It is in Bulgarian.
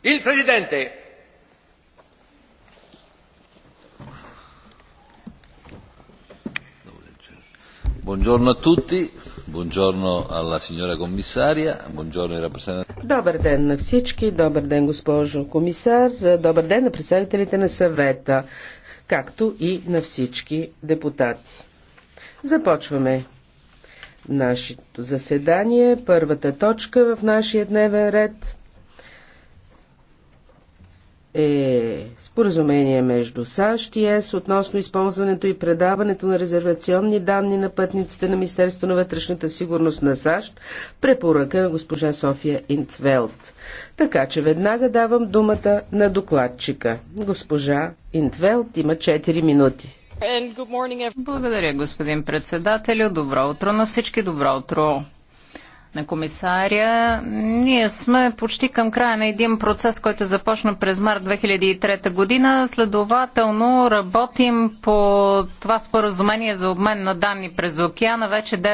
Il Presidente. Buongiorno a tutti, buongiorno alla signora commissaria, buongiorno ai rappresentanti. Добър ден на всички, добър ден госпожо комисар, добър ден на представителите на съвета, както и на всички депутати. Започваме нашето заседание. Първата точка в нашия дневен ред е споразумение между САЩ и ЕС относно използването и предаването на резервационни данни на пътниците на Министерство на вътрешната сигурност на САЩ, препоръка на госпожа София Интвелт. Така че веднага давам думата на докладчика. Госпожа Интвелт има 4 минути. Благодаря, господин председателю. Добро утро на всички. Добро утро на комисаря. Ние сме почти към края на един процес, който е започна през март 2003 година. Следователно работим по това споразумение за обмен на данни през океана вече